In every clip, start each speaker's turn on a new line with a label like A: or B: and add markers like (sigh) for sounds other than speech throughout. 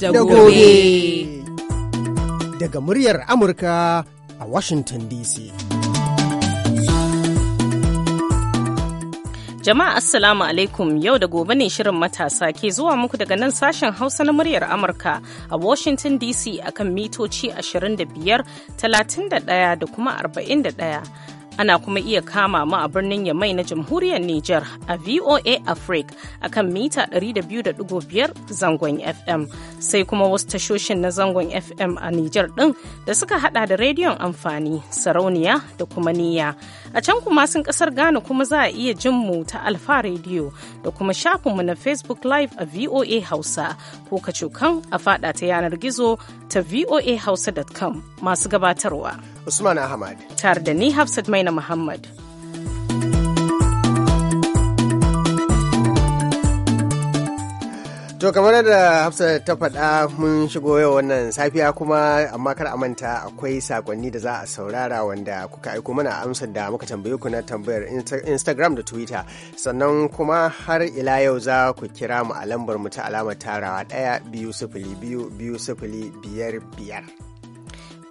A: da gobe.
B: Daga muryar Amurka a Washington DC.
C: Jama'a Assalamu alaikum yau da gobe ne shirin matasa ke zuwa muku daga nan sashen Hausa na muryar Amurka a Washington DC akan mitoci 25, 31 da kuma 41. ana kuma iya kama mu a birnin Yamai na jamhuriyar Nijar a VOA Africa a kan mita 200.5 zangon FM sai kuma wasu tashoshin na zangon FM a Nijar ɗin da suka hada da rediyon amfani sarauniya da kuma niyya. A can kuma sun kasar Ghana kuma za a iya jin mu ta Alfa Radio da kuma mu na Facebook Live a VOA Hausa ko ka kan a fada ta yanar gizo ta VOA voahausa.com masu gabatarwa. Usman Ahmad. Tare da ni Hafsat Maina Muhammad.
B: To kamar da Hafsa ta faɗa mun shigo yau wannan safiya kuma amma kar a manta akwai sakonni da za a saurara wanda kuka aiko mana amsar da muka tambaye ku na tambayar Instagram da Twitter. Sannan kuma har ila yau za ku kira mu a lambar mu ta alamar tarawa ɗaya biyu sifili biyu biyu sifili biyar biyar.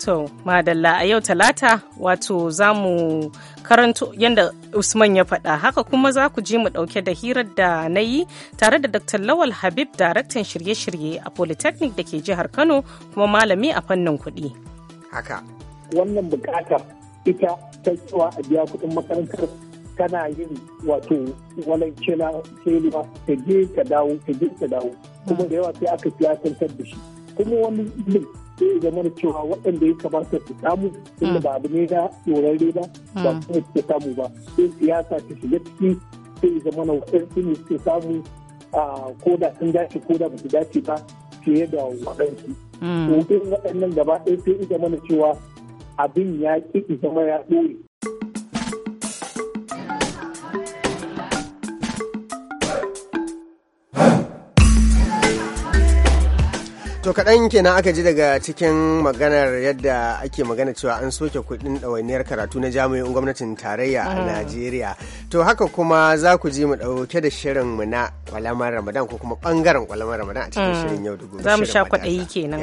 C: To, madalla a yau talata wato za mu karanto yadda Usman ya faɗa haka kuma za ku ji mu ɗauke da hirar da na yi tare da Dr. Lawal Habib daraktan shirye-shirye a Polytechnic da ke jihar Kano kuma malami a fannin kuɗi. Haka.
A: Wannan bukatar ita ta cewa a biya kuɗin makarantar tana yin wato walan kela kelewa ta je ta dawo ta je ta dawo kuma da yawa sai aka siyasantar da shi kuma wani sai ya zama cewa waɗanda ya kamata su samu inda ba abu ne na tsorarre ba ba hmm. kuma su samu ba sai siyasa ta shiga ciki sai ya zama waɗansu ne su samu ko da sun dace ko ba su dace ba fiye da waɗansu. Hutun hmm. waɗannan gaba ɗaya sai ya zama cewa abin ya ƙi zama ya ɗore
B: To kaɗan kenan aka ji daga cikin maganar yadda ake magana cewa an soke kuɗin ɗawainiyar karatu na jami'in gwamnatin tarayya a mm. Najeriya. To haka kuma za ku ji mu ɗauke da shirin mu na kwalamar Ramadan ko kuma ɓangaren kwalamar Ramadan a cikin mm. shirin yau da gobe. Za mu sha
C: kwaɗayi kenan.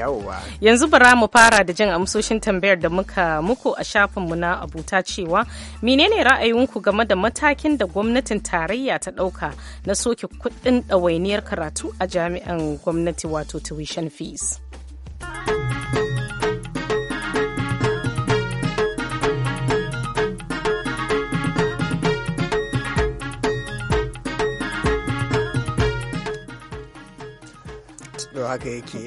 C: Yanzu bara mu fara da jin amsoshin tambayar da muka muku a shafin mu na abuta cewa menene ra'ayinku game da matakin da gwamnatin tarayya ta ɗauka na soke kuɗin ɗawainiyar karatu a jami'an gwamnati wato tuition fee. peace. haka yake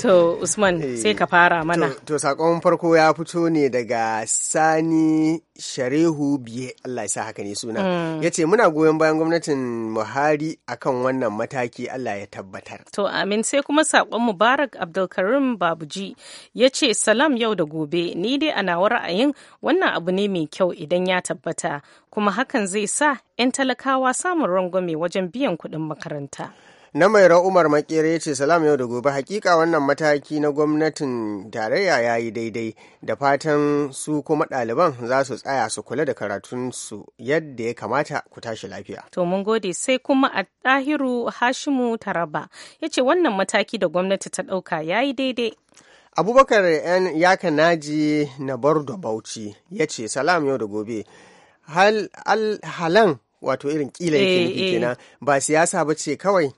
C: to usman eh, sai ka fara mana
B: to sakon farko ya fito ne daga sani sharehu biye allah ya sa haka ne suna mm. ya ce muna goyon bayan gwamnatin buhari
C: akan wannan mataki allah ya tabbatar to amin sai kuma sakon mubarak abdulkarim babuji ya ce salam yau da gobe ni dai ana nawa ra'ayin wannan abu ne mai kyau idan ya tabbata kuma hakan zai sa 'yan talakawa samun rangwame wajen biyan kuɗin makaranta
B: na mai umar makere ce salam yau da gobe hakika wannan mataki na gwamnatin tarayya ya yi daidai da fatan su kuma ɗaliban za su tsaya su kula da karatun su yadda ya kamata ku tashi lafiya
C: to mun gode sai kuma a ɗahiru hashimu taraba ya ce wannan mataki da gwamnati ta ɗauka ya yi daidai
B: abubakar yan yaka naji na bardo bauchi ya ce salam yau da gobe hal, halan wato irin kila yake nufi eh, eh. kenan ba siyasa ba ce kawai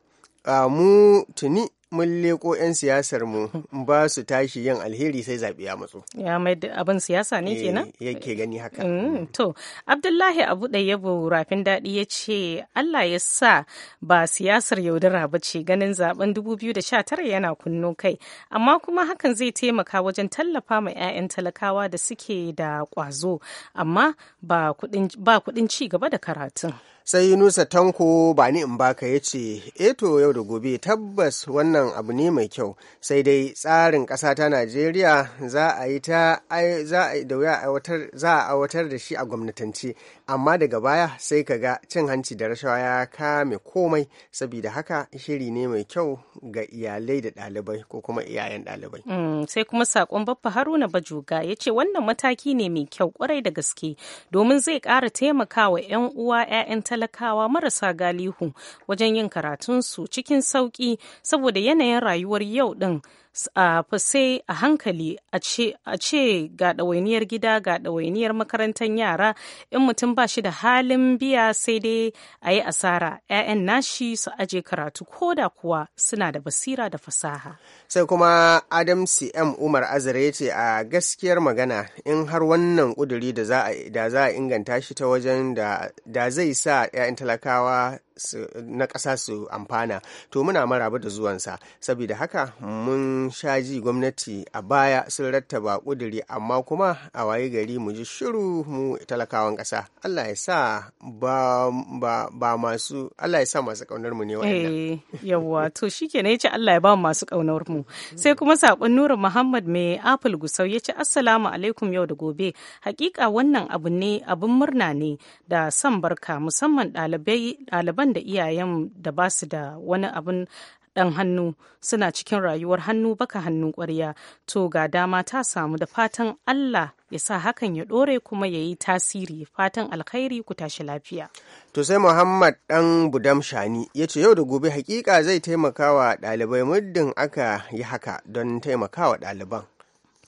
B: mu tuni mun leko 'yan siyasar mu (laughs) ba su tashi yin alheri sai zaɓe ya matso.
C: Ya mai abin siyasa ne eh, kenan? ke gani haka. Mm, to, Abdullahi Abu Ɗayyabo Rafin Daɗi ya ce Allah ya sa ba siyasar yaudara ba ce ganin zaɓen 2019 yana kunno kai, amma kuma hakan zai taimaka wajen tallafa ma 'ya'yan talakawa da suke da ƙwazo, amma ba kuɗin ci gaba da karatun.
B: sai nusa tanko ba ni in baka ya ce eto eh yau da gobe tabbas wannan abu ne mai kyau sai dai tsarin ƙasa ta najeriya za a yi ta za a aiwatar da shi a gwamnatance amma daga baya sai ka ga cin hanci da rashawa ya kame komai saboda haka shiri ne mai kyau ga iyalai da ɗalibai ko kuma iyayen ɗalibai
C: mm, sai kuma saƙon baffa haruna bajuga ya ce wannan mataki ne mai kyau kwarai da gaske domin zai kara taimakawa 'yan uwa 'ya'yan talakawa marasa galihu wajen yin karatunsu cikin sauƙi saboda yanayin rayuwar yau ɗin fa sai a hankali a ce ga ɗawainiyar gida ga ɗawainiyar makarantar yara in mutum ba shi da halin biya sai dai a yi asara 'ya'yan nashi su aje karatu ko da kuwa suna da basira da fasaha
B: sai kuma adam cm umar azare ce a gaskiyar magana in har wannan ƙuduri da za a inganta shi ta wajen da zai sa 'ya'yan talakawa na ƙasa su amfana to muna maraba da zuwansa saboda haka mun sha ji gwamnati a baya sun rattaba ƙuduri amma kuma a waye gari mu ji shiru mu talakawan ƙasa Allah ya sa ba, masu Allah ya sa masu ƙaunar mu ne wa'annan
C: eh, yawwa to ya yace Allah ya ba masu ƙaunar mu sai kuma sakon Nura Muhammad mai Apple Gusau yace assalamu alaikum yau da gobe hakika wannan abu ne abun murna ne da son barka musamman ɗalibai ɗaliban daban da iyayen da ba su da wani abin dan hannu suna cikin rayuwar hannu baka hannu kwarya to ga dama ta samu da fatan Allah ya sa hakan ya ɗore kuma ya yi tasiri fatan alkhairi ku tashi lafiya.
B: To sai Muhammad ɗan Budam Shani ya ce yau da gobe hakika zai taimakawa ɗalibai muddin aka yi haka don taimakawa ɗaliban.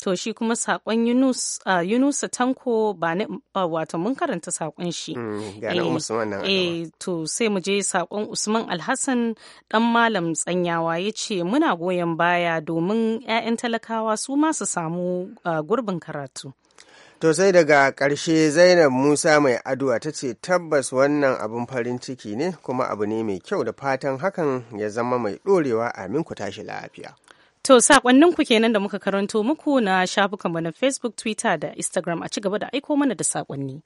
C: To shi kuma saƙon Yunus uh, Tanko ba ne wato mun karanta saƙon shi. Mm, eh, eh, to sai mu je saƙon Usman Alhassan ɗan malam tsanyawa ya ce muna goyon baya domin 'ya'yan talakawa su ma su samu uh, gurbin karatu.
B: To sai daga ƙarshe Zainab Musa mai addu'a ta ce tabbas wannan abin farin ciki ne kuma abu ne mai kyau da fatan hakan ya zama mai ɗorewa amin ku tashi lafiya.
C: To ku kenan da muka karanto muku na shafukanmu na Facebook, Twitter da Instagram a ci gaba da aiko mana da saƙonni.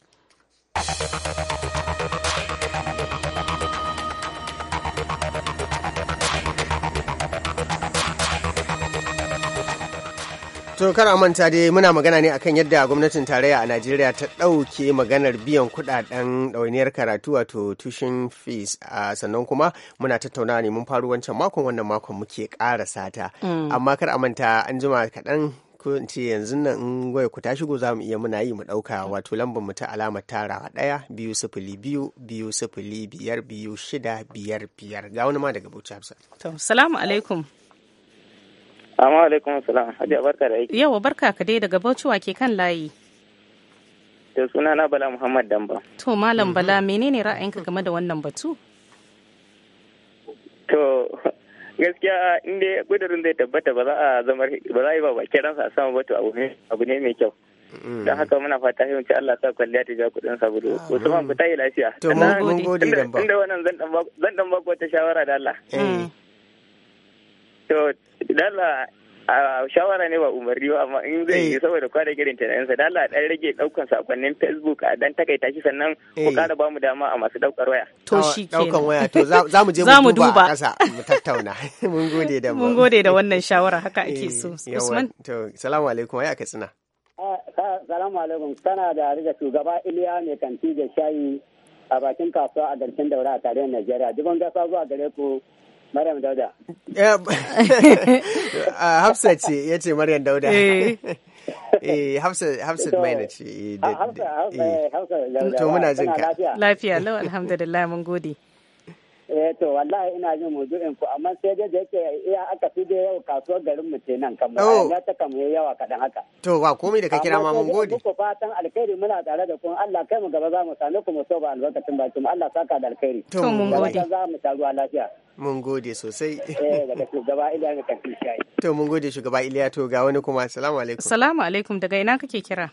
B: To kar a manta dai muna magana ne akan yadda gwamnatin tarayya a Najeriya ta ɗauke maganar biyan kuɗaɗen ɗawainiyar karatu wato tushen fees a sannan kuma muna tattauna ne mun faru wancan makon wannan makon muke kara sata. Mm. Amma kar a manta an jima kaɗan ko ce yanzu nan in waya ku ta shigo za mu iya muna yi mu ɗauka wato lambar mu ta alamar tara ɗaya biyu sifili biyu biyu sifili biyar biyu shida biyar biyar ga wani ma daga Bauchi Hafsa.
C: To salamu alaikum. Assalamu alaikum
B: salam. Hajiya barka da aiki.
C: Yawa barka ka dai daga Bauchi ke kan layi.
B: Da suna na Bala Muhammad Damba.
C: To Malam mhm. Bala menene ra'ayinka game da wannan batu?
A: To gaskiya inda dai kudirin zai tabbata ba za a zama ba za a yi ba kiransa a sama batu abu ne mai kyau. Mm. don haka muna fata yin ci Allah sa kwalliya ta ja kudin sabulu wasu man fita yi lafiya to mun gode damba. inda wannan zan dan ba wata shawara da Allah eh. mm. To, dala shawara ne ba umarni ba amma in zai eh. yi saboda kwada girin tunaninsa da Allah dan rage daukan sakonnin Facebook
C: a dan takaita shi sannan ku kara eh. ba mu dama a masu daukar waya to shi daukan waya to za mu je mu (laughs) duba
B: a kasa mu tattauna (laughs) mun gode da mun gode
C: da wannan shawara haka ake eh, so
A: Usman
B: to salamu alaikum ai aka tsina
A: ah, ah, salamu alaikum tana da riga shugaba Iliya ne kanti da shayi a bakin kasuwa a garin daura a tarayyar Najeriya dubon gasa zuwa gare ku Maryam Dauda. (laughs)
B: Ah, Hafsa ce, ya ce Maryam Dauda. Eh, Hafsa, mai na ce. Hafsa,
A: Hafsa To eh, eh, muna ka.
C: Lafiya, lau alhamdulillah mun gode. eh to
A: wallahi ina jin maudu'in ku amma sai dai da yake iya aka fi da yau kasuwar garin mu ce nan kamar oh. ya ta kamar yawa kadan haka
B: to ba komai da ka kira ma mun gode
A: ku fatan alkhairi muna tare da ku Allah kai mu gaba za mu same ku mu so ba albarkacin bakin Allah saka da alkhairi to mun gode za mu sha lafiya
B: mun gode sosai eh
A: daga shugaba Iliya ka shayi
B: to mun gode shugaba Iliya to ga wani kuma assalamu alaikum
C: assalamu alaikum daga ina kake kira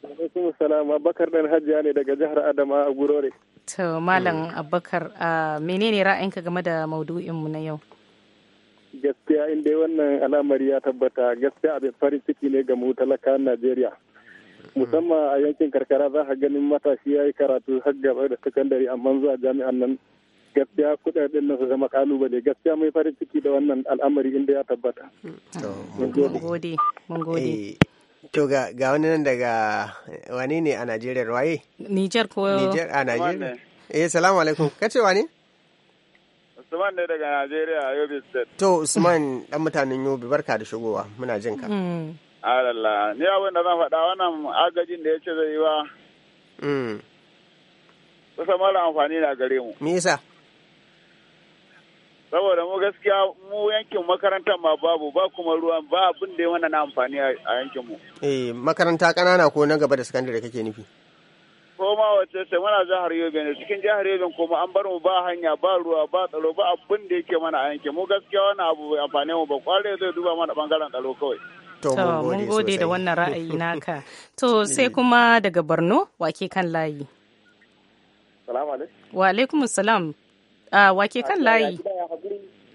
A: alaikum salam abubakar dan hajiya ne daga jihar adama a gurore
C: To Malam eh. Abubakar menene ra'ayinka game da maudu'inmu na yau?
A: Gaskiya inda wannan al'amari ya tabbata gaskiya abin farin ciki ne ga mu Najeriya. Musamman a yankin karkara za ka ganin matashi ya yi karatu har gaba da sakandare amma zuwa jami'an nan gaskiya kudaden nan su zama kalubale gaskiya mai farin ciki da wannan al'amari inda ya tabbata. Mun gode.
B: Eh, To ga, ga wani nan daga wani ne a Najeriya waye?
C: Nijar ko Nijar a Najeriya.
B: Eh salamu alaikum. Kace wani?
A: Usman ne daga Najeriya Yobe State.
B: To Usman dan mutanen Yobe barka da shigowa muna jin
A: ka. Mm. Allah ni abin da zan faɗa wannan agajin da yace zai yi wa. Mm. Kusa mara amfani na gare mu. Me yasa? saboda mu gaskiya mu yankin makarantar ma babu ba kuma ruwan ba abin da ya wannan amfani a yankin mu
B: eh makaranta kanana ko na gaba da sakandare kake nufi
A: ko ma wace ce muna jihar Yobe ne cikin jihar Yobe kuma an bar mu ba hanya ba ruwa ba tsaro ba abin da yake mana a yankin mu gaskiya wannan abu amfani mu ba kwarai zai duba mana bangaren tsaro kawai To, mun gode da wannan ra'ayi (laughs) naka.
C: To, sai kuma daga Borno, wake kan layi. Salamu alaikum. Wa alaikum salam. A ah, wake kan layi.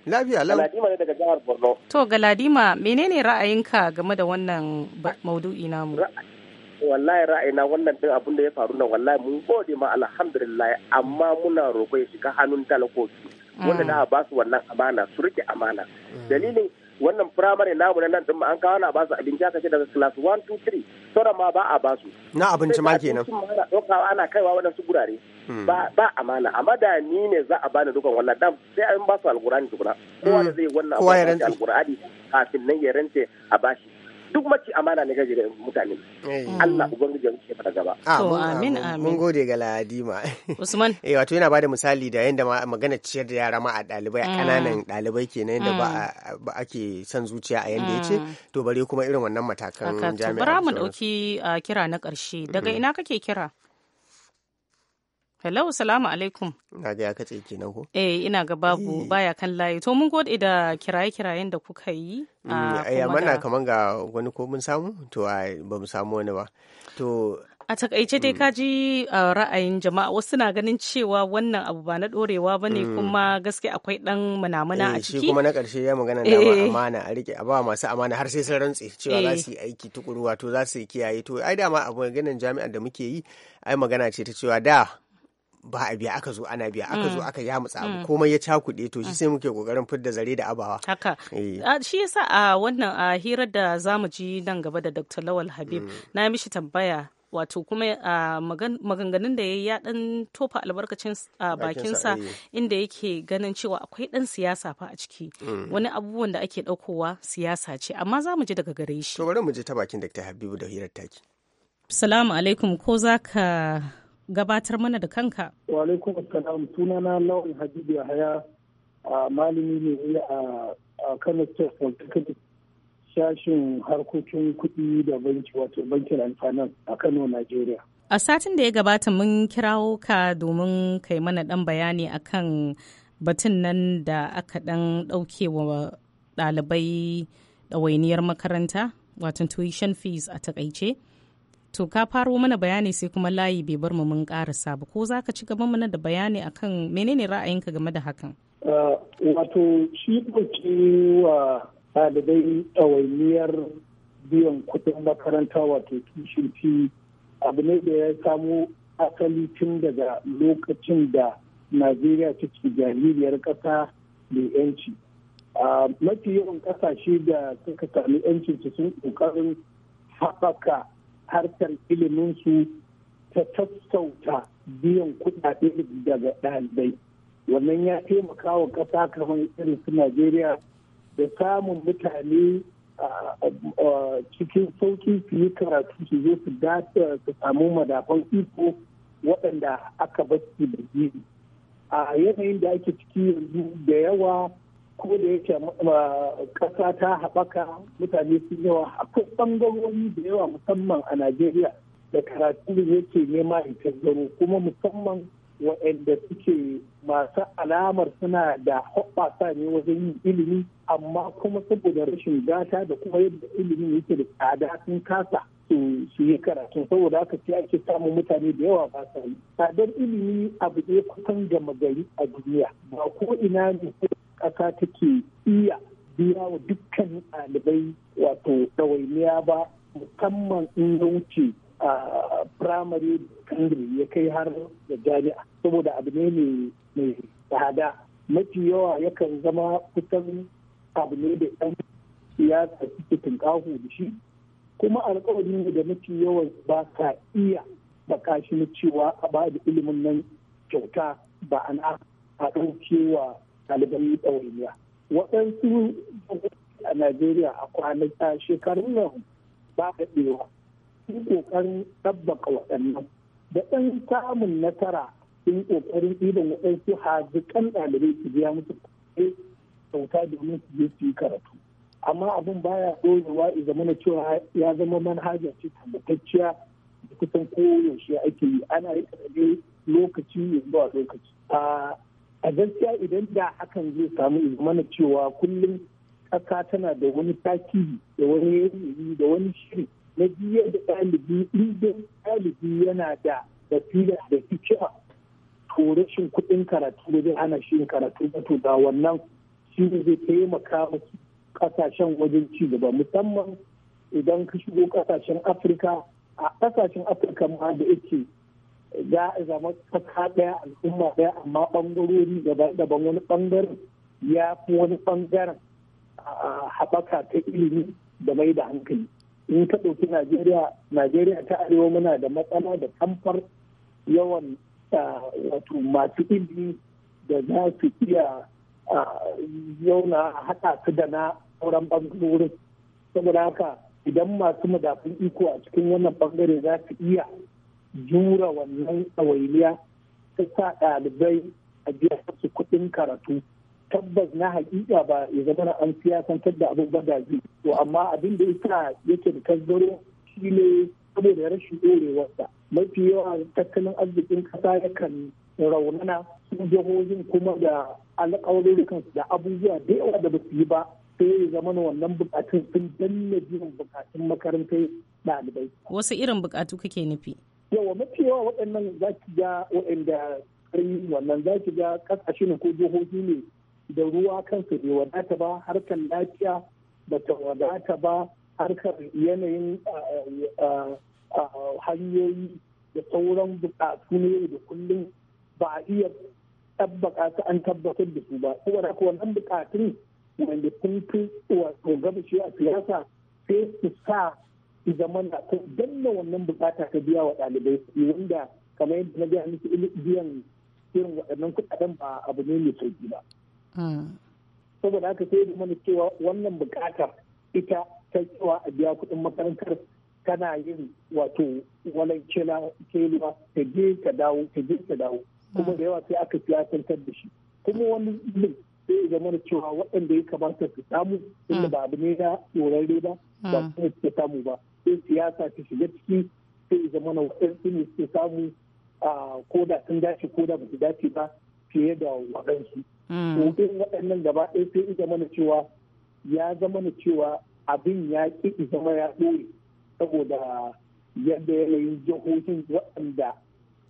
C: Lafiya lau. Galadima
A: ne daga jihar Borno.
C: To Galadima menene ra'ayinka game da wannan maudu'i namu?
A: Wallahi ra'ayina wannan din abin da ya faru nan wallahi mun gode ma alhamdulillah amma muna roƙo ya shiga hannun talakoki. Mm. Wanda na ba su wannan amana su rike amana. Mm. Dalilin wannan firamare namu na nan din an kawo na basu abinci aka ce daga class 1 2 3 sauran ma ba a basu na abinci ma kenan ana ɗaukawa ana kaiwa waɗansu gurare hmm. ba amana amma da ni ne za a bani dukan wannan dan sai an basu alkurani tukuna kowa hmm. da zai wannan alkurani kafin nan ya rance a bashi duk mace amana ne gaji da mutane eh. Allah ubangiji ya wuce gaba amin
B: amin mun gode ga Ladima Usman (laughs) eh wato yana bada misali da yanda magana ciyar da yara ma a dalibai a kananan mm. ɗalibai kenan yadda mm. ba ake son zuciya a yanda yace mm. to bare kuma irin wannan matakan jami'a bara mu
C: dauki kira na karshe daga ina kake kira Hello, salamu alaikum.
B: Na ga ya katse kenan ko?
C: Eh, ina ga babu eh. baya kan layi. To mun gode da kiraye-kirayen da kuka yi. ya mm, ah, eh, mana
B: kaman ga wani ko mun samu? To ba mu samu wani ba. To
C: a takaice dai mm. ka ji ah, ra'ayin jama'a wasu na ganin cewa wannan abu ba na dorewa ba ne mm. kuma gaske akwai dan munamuna a eh, ciki shi kuma na karshe
B: ya magana da amana a rike a ba masu amana har sai sun rantse cewa za su yi aiki tukuru wato za su yi kiyaye to ai dama abu ganin jami'ar da muke yi ai magana ce ta cewa da ba a biya aka zo ana biya aka zo mm. aka ya mutsa abu mm. komai ya cakuɗe to shi mm. sai muke kokarin fidda zare da abawa haka eh.
C: ah, shi yasa a wannan a hirar da zamu ji nan gaba da Dr. Lawal Habib na mishi tambaya wato kuma a maganganun da ya ya dan tofa albarkacin bakinsa eh. inda yake ganin cewa akwai dan siyasa fa a ciki wani abubuwan da ake daukowa siyasa ce amma zamu ji daga gare shi to bari mu je ta bakin Dr. Habibu da hirar taki Salamu alaikum ko zaka gabatar mana da kanka.
A: Wa alaikum assalam sunana Lawan Habibu Yahaya a malami ne a Kano State sashin harkokin kuɗi da banki wato bankin alfanan a Kano Najeriya.
C: A satin da ya gabata mun kirawo ka domin kai mana ɗan bayani akan batun nan da aka ɗan ɗauke wa ɗalibai ɗawainiyar makaranta wato tuition fees a takaice. to ka faro mana bayani sai kuma layi bai bar mu mun karasa ba ko za ka ci gaba mana da bayani akan menene ra'ayinka game da hakan
A: ah, wato shi ɗauki wa ɗalibai ɗawainiyar biyan kuɗin makaranta wato tushen abu ne da ya samo asali tun daga lokacin da najeriya ta take jaririyar ƙasa mai yanci ah, mafi yawan ƙasashe da suka sami yanci sun ƙoƙarin haɓaka harkar su ta tattauta biyan kuɗaɗe daga ɗalibai wannan ya taimaka wa ƙasa kamar irin su najeriya da samun mutane cikin sauƙi su yi karatu su zo su dace su samu madafan iko waɗanda aka basu da jiri a yanayin da ake ciki yanzu da yawa ko da yake kasa ta haɓaka mutane sun yawa akwai ɓangarori da yawa musamman a najeriya da karatu yake nema in tazzaro kuma musamman waɗanda suke masu alamar suna da hoɓɓasa ne wajen yin ilimi amma kuma saboda rashin gata da kuma yadda ilimin yake da tsada sun kasa su yi karatu saboda haka sai ake samun mutane da yawa ba sa yi tsadar ilimi abu ne kusan gama gari a duniya ba ko ina ne ƙasa take iya biya wa dukkan ɗalibai wato ɗawainiya ba musamman in ya wuce a firamare kandiri ya kai har da jami'a saboda abu ne mai tsada mafi yawa yakan zama kusan abu ne da ɗan siyasa suke tunƙahu da shi kuma alkawari ne da mafi yawan ba ka iya baka shi cewa a ba da ilimin nan kyauta ba ana a ɗauke wa. ɗaliban ɗawainiya waɗansu a najeriya a kwanaka shekarun nan ba ɗewa sun ƙoƙarin ɗabbaka waɗannan da ɗan samun nasara sun ƙoƙarin ɗiban waɗansu kan ɗalibai su biya musu kyauta domin su je su yi karatu amma abin baya ɗorewa ya zama cewa ya zama manhaja ce tabbatacciya da kusan koyaushe ake yi ana yi lokaci yanzu a lokaci a gaskiya idan da hakan zai samu mana cewa kullum ƙasa tana da wani taki da wani yanayi da wani shiri na biya da ɗalibi inda ɗalibi yana da tafiya da hikima to rashin kuɗin karatu da zai hana shi karatu ba to da wannan shi ne zai taimaka musu ƙasashen wajen ci gaba musamman idan ka shigo ƙasashen afirka a ƙasashen afirka ma da yake za a zama kasa ɗaya al'umma ɗaya amma ɓangarori daban wani bangare ya fi wani ɓangaren haɓaka ta ilimi da mai da hankali in ka ɗauki najeriya najeriya ta arewa muna da matsala da kamfar yawan wato masu ilimi da za su iya yauna haɗa su da na sauran ɓangarorin saboda haka idan masu madafin iko a cikin wannan bangare za su iya jura wannan tsawainiya ta sa ɗalibai a biya su kuɗin karatu tabbas na hakika ba ya zama na an siyasantar da abubuwan da zai to amma abin da ita yake da tasgaro shi ne saboda rashin ɗorewarsa mafi yawa tattalin arzikin ƙasa yakan raunana su jihohin kuma da alƙawarurrukan da abubuwa da yawa da ba yi ba sai ya zama wannan bukatun sun danna jiran
C: bukatun makarantar ɗalibai. Wasu irin bukatu kake nufi?
A: yawa mafi yawa waɗannan za ki ga waɗanda ƙarni wannan za ki ga ƙasashe ne ko jihohi ne da ruwa kansa bai wadata ba harkar lafiya ba ta wadata ba harkar yanayin hanyoyi da sauran buƙatu ne da kullum ba a iya tabbaka su an tabbatar da su ba saboda haka wannan buƙatun wanda sun fi wato gabashi a siyasa sai su sa da ko danna wannan bukata ta biya wa dalibai su wanda kamar yadda na gaya miki biyan irin waɗannan kuɗaɗen ba abu ne mai sauki ba. Ah. Saboda haka sai da mana cewa wannan bukatar ita ta cewa a biya kuɗin makarantar tana yin wato walan kela kelewa ta je ta dawo ta je ta dawo kuma ah. da yawa sai aka siyasantar da shi kuma wani ilimin sai ya zama cewa waɗanda ya kamata su samu inda ah. ba abu ne na tsorarre ba ba kuma su samu ba sai siyasa ta shiga ciki sai ya zama waɗansu ne suke samu ko koda sun dace ko da ba dace ba fiye da waɗansu. Hutun mm. waɗannan gaba ɗaya sai ya zama cewa ya zama na cewa abin ya ƙi zama ya ɗore saboda yadda yanayin jihohin waɗanda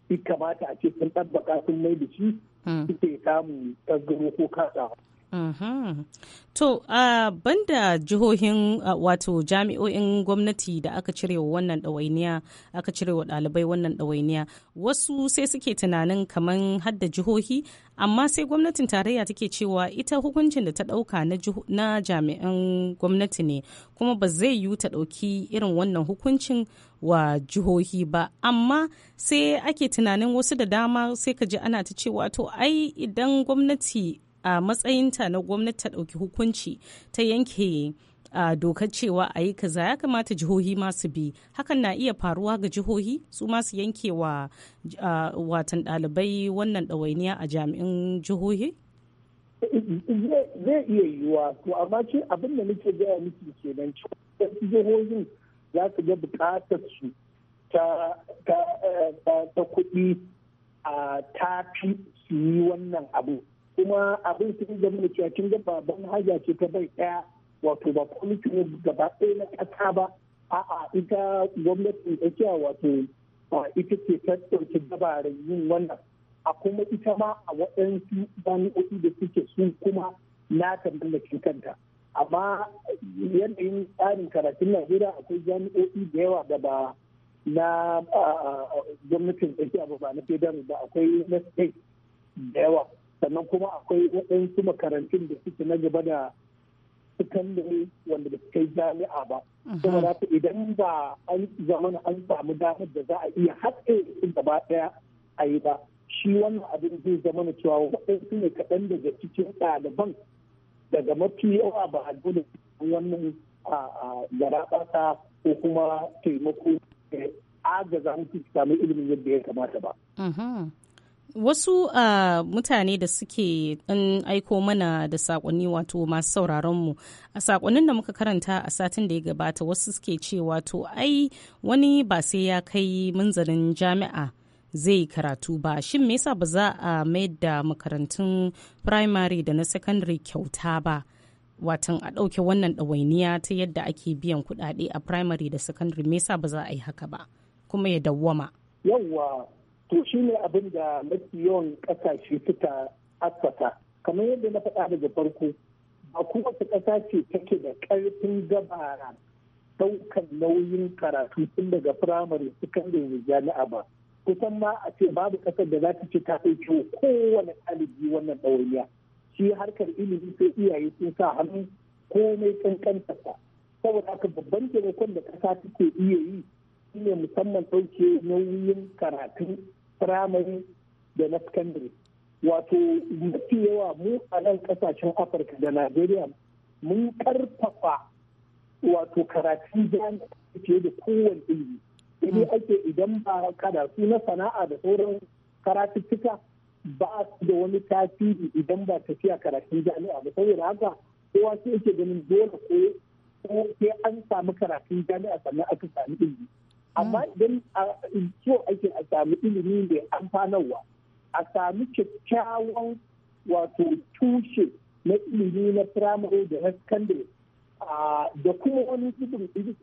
A: ya kamata a ce sun ɗabbaka sun mai da shi mm. suke samun tasgaro ko kasawa.
C: Mhm. To, a banda jihohin wato jami'o'in gwamnati da aka cire wa wannan ɗawainiya, aka cire wa ɗalibai wannan ɗawainiya, wasu sai suke tunanin kamar hadda jihohi, amma sai gwamnatin tarayya take cewa ita hukuncin da ta ɗauka na jami'an gwamnati ne, kuma ba zai yiwu ta ɗauki irin wannan hukuncin wa jihohi ba amma sai ake tunanin wasu da dama sai ka ji ana ta cewa to ai idan gwamnati a matsayinta na gwamnati ta ɗauki hukunci ta yanke a dokar cewa a yi kaza ya kamata jihohi masu bi hakan na iya faruwa ga jihohi su masu yanke wa watan ɗalibai wannan dawainiya a jami'in jihohi
A: zai iya yiwuwa to amma ce abin da nake gaya miki kenan jihohin za ka ga bukatar su eh, ta kuɗi a tafi su yi wannan abu kuma abin sun zama da cewa kin ga babban haja ce ta bai ɗaya wato ba kwamiti ne gaba ɗaya na ƙasa ba a'a ita gwamnati gwamnatin tsakiya wato ita ce ta ɗauki dabarar yin wannan a kuma ita ma a waɗansu jami'o'i da suke su kuma na mallakin kanta amma yanayin tsarin karatun najeriya akwai jami'o'i da yawa da ba na gwamnatin tsakiya ba ba na federal ba akwai na state da yawa sannan kuma akwai waɗansu makarantun da suke na gaba da sakandare wanda ba su kai jami'a ba saboda idan ba an zamana an samu damar da za a iya haɗe su gaba ɗaya a yi ba shi wannan abin zai zamana cewa waɗansu ne kaɗan daga cikin ɗaliban daga mafi yawa ba a dole wannan garaɓa ta ko kuma taimako agaza ga su samu ilimin yadda ya kamata ba.
C: Wasu uh, mutane da suke an aiko mana da sakonni wato masu sauraronmu a sakonnin da muka karanta a satin da ya gabata wasu suke ce wato ai wani ba sai ya kai munzarin jami'a zai karatu ba shin me yasa ba za a mayar da makarantun primary da na secondary kyauta ba watan a ɗauke wannan ɗawainiya ta yadda ake biyan kuɗaɗe a primary da secondary me yasa ba za a yi haka ba kuma ya dawwama
A: yawwa to shi ne abin da mafi yawan ƙasashe suka asfata kamar yadda na faɗa daga farko ba su ƙasa ce take da ƙarfin gabara ɗaukan nauyin karatu tun daga firamare sakandare jami'a ba kusan ma a ce babu ƙasar da za ta ce ta ɗauke kowane ɗalibi wannan ɗawainiya shi harkar ilimi sai iyaye sun sa hannu komai ta saboda haka babban taimakon da ƙasa take iya yi ne musamman ɗauke nauyin karatun firamare da na sakandare wato mafi yawa mu a nan kasashen afirka da najeriya mun karfafa wato karatun jami'a fiye da kowane ilimi sai ake idan ba karatu na sana'a da sauran karatuttuka ba su da wani tasiri idan ba tafiya karatun jami'a ba saboda haka kowa sai yake ganin dole ko sai an samu karatun jami'a sannan aka sami ilimi amma mm. idan a kyau ake a sami ilimi mai amfanarwa a sami kyakkyawan wato tushe na ilimi na firamare da na sakandare da kuma wani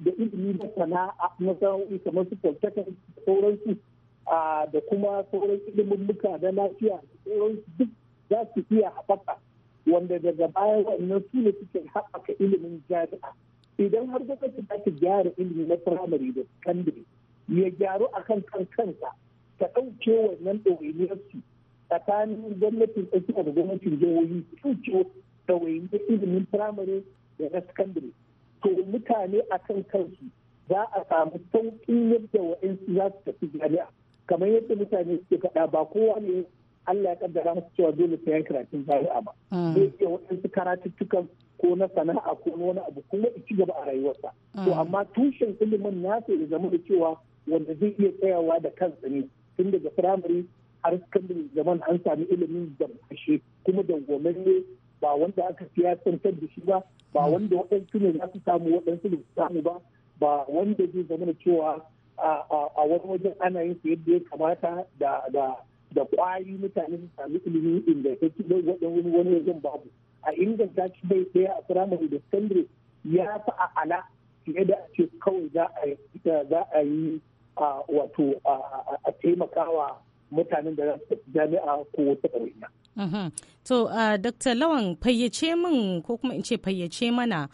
A: da ilimi na sana'a na sana'o'i kamar su sauransu sauransu da kuma sauran ilimummuka na lafiya sauransu duk za su iya haɓaka wanda daga baya wannan su ne suke haɓaka ilimin jami'a idan har gwamnati za ta gyara ilimi na firamare da sakandare ya gyaru a kan kan kansa ta ɗauke wannan ɗawainiyarsu tsakanin gwamnatin ɗauki da gwamnatin jihohi ɗauke ɗawainiyar ilimin firamare da na sakandare to mutane a kan kansu za a samu sauƙin yadda wa'insu za su tafi jami'a kamar yadda mutane suke faɗa ba kowa ne Allah ya kaddara masu cewa dole sai yan karatun jami'a ba. Zai ah. iya waɗansu karatuttukan ko na sana'a ko na wani abu kuma ya ci gaba a rayuwarsa to mm. amma tushen ilimin nasa da zama da cewa wanda zai iya tsayawa da kansa ne tun daga firamare har sakandare zaman an sami ilimin da bashe kuma da ne ba wanda aka siyasantar da shi ba ba mm. wanda waɗansu ne za su samu waɗansu da su samu ba ba wanda zai zama da cewa a wani wajen ana yin su yadda ya kamata da da kwari mutane su sami ilimin inda ya wani wajen babu a inganta shi bai ɗaya a firamare da secondary ya fi a ala fiye da ake kawai za a yi wato a taimakawa mutanen da za jami'a ko wata ɗawainiya.
C: Mhm. To, Dr. Lawan fayyace min ko kuma in ce fayyace mana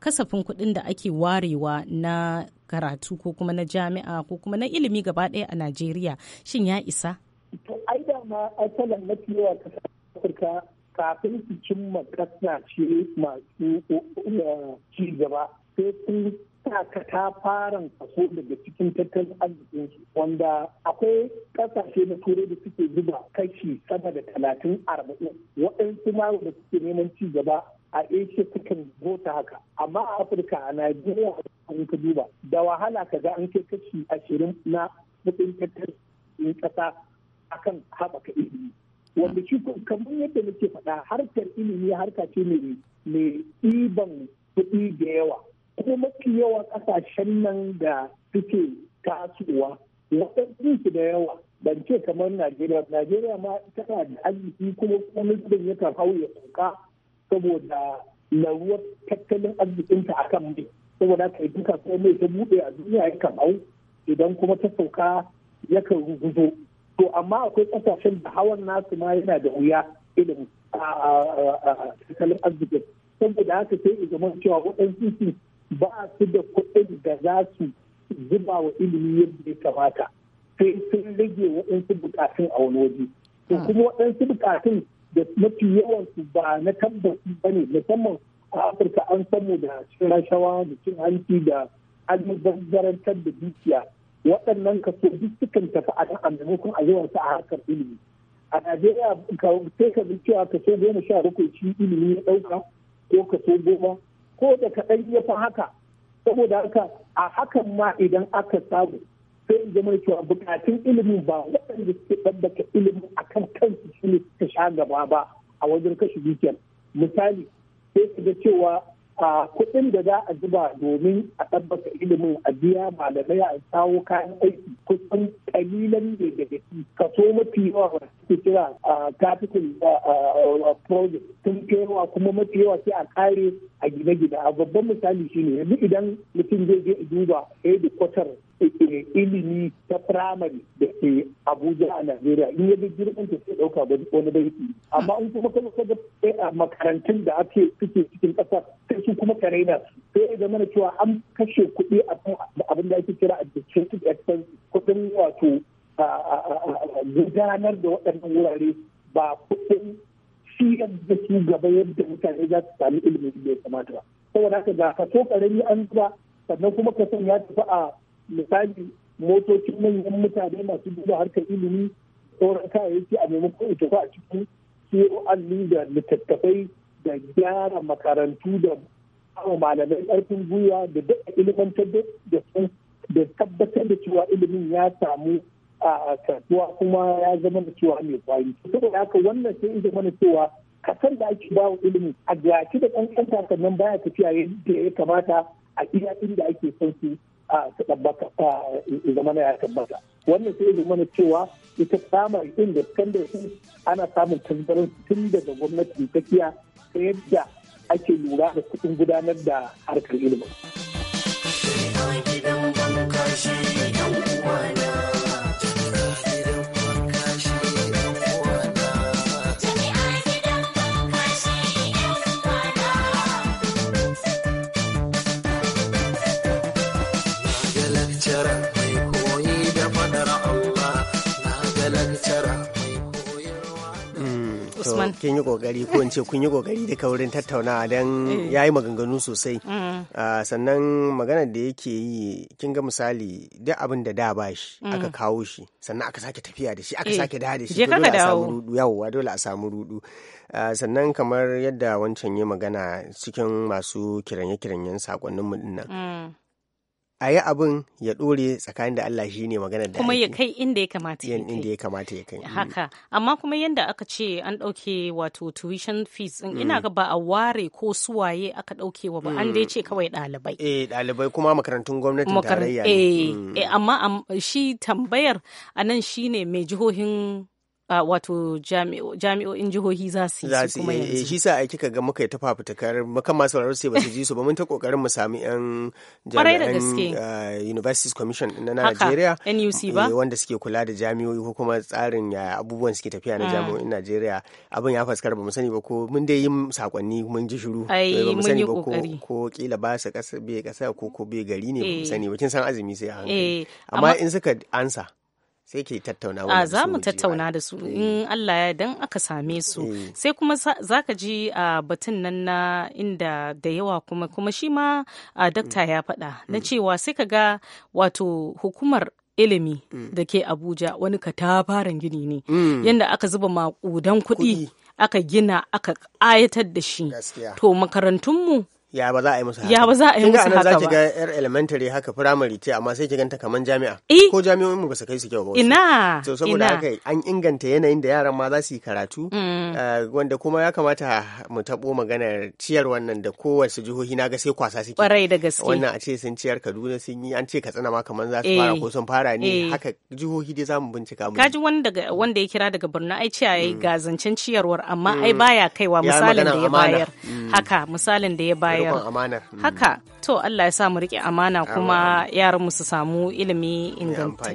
C: kasafin kuɗin da ake warewa na karatu ko kuma na jami'a ko kuma na ilimi gaba ɗaya a Najeriya shin ya isa?
A: To, ai da ma asalan mafi yawa kasar Afirka kafin su cimma kasashe masu eh, ci gaba sai sun sa ta kaso daga cikin tattalin arzikinsu wanda akwai kasashe na turai da suke zuba kashi sama da talatin arba'in waɗansu ma da suke neman ci gaba a asia sukan zo ta haka amma a afirka a najeriya an ka duba da wahala ka ga an kai kashi ashirin na kudin tattalin kasa akan haɓaka ilimi wanda shi kamar yadda nake faɗa harkar ilimi harka ce mai ɗiban kuɗi da yawa kuma mafi yawa ƙasashen nan da suke tasowa waɗansu da yawa ban ce kamar najeriya najeriya ma tana da arziki kuma kuma mutum yakan hau ya sauka saboda laruwar tattalin arzikinta kan mai saboda ka yi duka mai ta buɗe a duniya kan hau idan kuma ta sauka ya yakan guzo to amma akwai kasashen da hawan nasu ma yana da wuya ilimin tattalin arziki saboda haka sai ya zama cewa waɗansu su ba su da kuɗin da za su zuba wa ilimi yadda ya kamata sai sun rage waɗansu bukatun a wani waje to kuma waɗansu bukatun da mafi yawan su ba na tabbaci ba ne musamman a afirka an samu da cin rashawa da cin hanci da almubazzarantar da dukiya waɗannan kaso duk sukan tafi a kan kun a yawan sa a harkar ilimi a najeriya sai ka bi cewa kaso goma sha bakwai shi ilimi ya ɗauka ko kaso goma ko da kaɗan ya fi haka saboda haka a hakan ma idan aka samu sai in zama cewa bukatun ilimin ba waɗanda suke ɗabbaka ilimin a kan kansu shi ne suka sha gaba ba a wajen kashe dukiyar misali sai ka ga cewa a kuɗin da za a zuba domin a tabbata ilimin a biya malamai a kawo kayan aiki kusan kalilan ne daga ci kaso mafi yawa wanda suke kira capital project sun kewa kuma mafi yawa sai a kare a gine-gine a babban misali shine yanzu idan mutum zai je duba hedikwatar eh, eh, ilimi ta firamare da ke abuja a najeriya in yabi girman ta sai ɗauka wani baiti amma in kuma ka ga eh, makarantun da ake suke cikin ƙasar su kuma karaina sai ya zama cewa an kashe kuɗi a abin da ake kira a distinct expense kuɗin wato gudanar da waɗannan wurare ba kuɗin siyar da su gaba yadda mutane za su sami ilimin da ya kamata ba saboda haka ga kaso karami an zuba sannan kuma kason ya tafi a misali motocin manyan mutane masu duba harkar ilimi sauran kayayyaki a maimakon ita a cikin alli da littattafai da gyara makarantu da kawo malamai ƙarfin gwiwa da daɗa ilimantar da su da tabbatar da cewa ilimin ya samu a kuma ya zama da cewa mai kwari saboda haka wannan sai ita mana cewa kasar da ake bawa ilimi a gaci da ƙanta sannan baya tafiya yadda ya kamata a iya inda ake son su a tabbata zama na ya tabbata wannan sai ita mana cewa ita samar inda kan da ana samun tasbarin tun daga gwamnati tafiya ta yadda ake lura da kuɗin gudanar da harkar ilimin.
B: kin yi kokari ko in ce kun yi kokari da wurin tattaunawa don eh. ya yi maganganu sosai mm. ah, sannan maganar da yake yi kin ga misali duk abin da da ba shi mm. aka kawo shi sannan aka sake tafiya da shi aka eh. sake da da shi dole a samu rudu yawwa ah, dole a samu rudu sannan kamar yadda wancan yi magana cikin masu kiranye-kiranyen sakonnin mu dinnan mm. a yi abin ya ɗore tsakanin da Allah shi ne magana da kuma ya kai
C: inda ya kamata ya inda ya
B: kamata ya kai mm. haka
C: amma kuma yanda aka ce an ɗauke wato tuition fees ina mm. ga ba a ware ko suwaye aka ɗauke wa ba an dai mm. ce kawai ɗalibai eh
B: ɗalibai kuma makarantun gwamnatin tarayya eh,
C: eh amma shi tambayar anan shine mai jihohin Uh, wato jami'o'in jihohi za su yi kuma eh, yanzu.
B: Shi sa ai kika ga muka yi tafa fitakar mukan masu sauraro sai ba su ji su ba mun ta kokarin mu sami yan jami'an eh, Universities Commission na Najeriya. NUC ba. Eh, Wanda suke kula da jami'o'i ko kuma tsarin ya abubuwan suke tafiya na mm. jami'o'in Najeriya. Abin ya faskar ba mu sani ba ko mun dai yi sakonni mun ji shiru. Ai eh, mun yi kokari. Ko kila ba su kasa bai kasa ko ko bai gari ne ba mu sani ba kin san azumi sai a hankali. Amma in suka ansa. sai ke tattauna a za mu
C: tattauna da su in eh. Allah ya dan aka same su eh. sai kuma za ka ji a batun nan na inda da yawa kuma kuma shi ma dakta mm. ya faɗa na mm. cewa sai ka ga wato hukumar ilimi mm. da ke abuja wani katafaren gini ne yadda aka zuba makudan kuɗi aka gina aka ƙayatar da shi to makarantunmu
B: ya ba za a yi musu haka ya ba za a yi musu haka ba zaki ga yar elementary haka primary ce amma sai ki ganta kaman jami'a e? ko jami'o'in mu ba su kai su kyau ba ina to saboda haka an inganta yanayin da yaran ma za su yi karatu mm. eh, wanda kuma ya kamata mu tabo maganar ciyar wannan da kowace jihohi na ga sai kwasa suke kwarai da gaske wannan a ce sun ciyar Kaduna sun yi an ce ka Katsina ma kaman za su fara e. ko sun fara ne e. haka jihohi dai za mu bincika mu kaji
C: wanda wanda ya kira daga Borno ai ce ai mm. ga zancen ciyarwar amma ai mm. baya kaiwa misalin da ya bayar haka misalin da ya bayar bayar mm. haka to Allah ya sa mu riƙe amana kuma yaran mu su samu ilimi inganta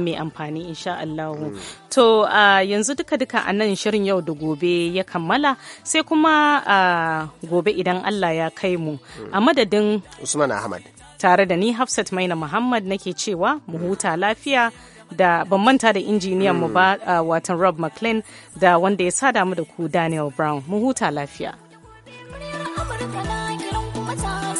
C: mai amfani eh, insha Allah mm. to yanzu duka duka a nan shirin yau da gobe ya kammala sai kuma gobe idan Allah ya kai mu mm. a madadin Usman Ahmad tare da ni Hafsat Maina Muhammad nake cewa mu huta lafiya da ban manta da injiniyan mu ba watan Rob McLean da wanda ya sa damu da ku Daniel Brown mu huta lafiya.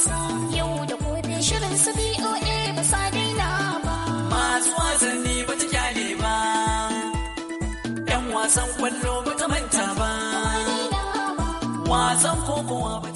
C: Yau da gobe shirin su BOA ba sa daina ba. Masu wasanni ba ta kyale ba. Yan wasan kwallo ba ta manta ba. Wasan kokowa ba.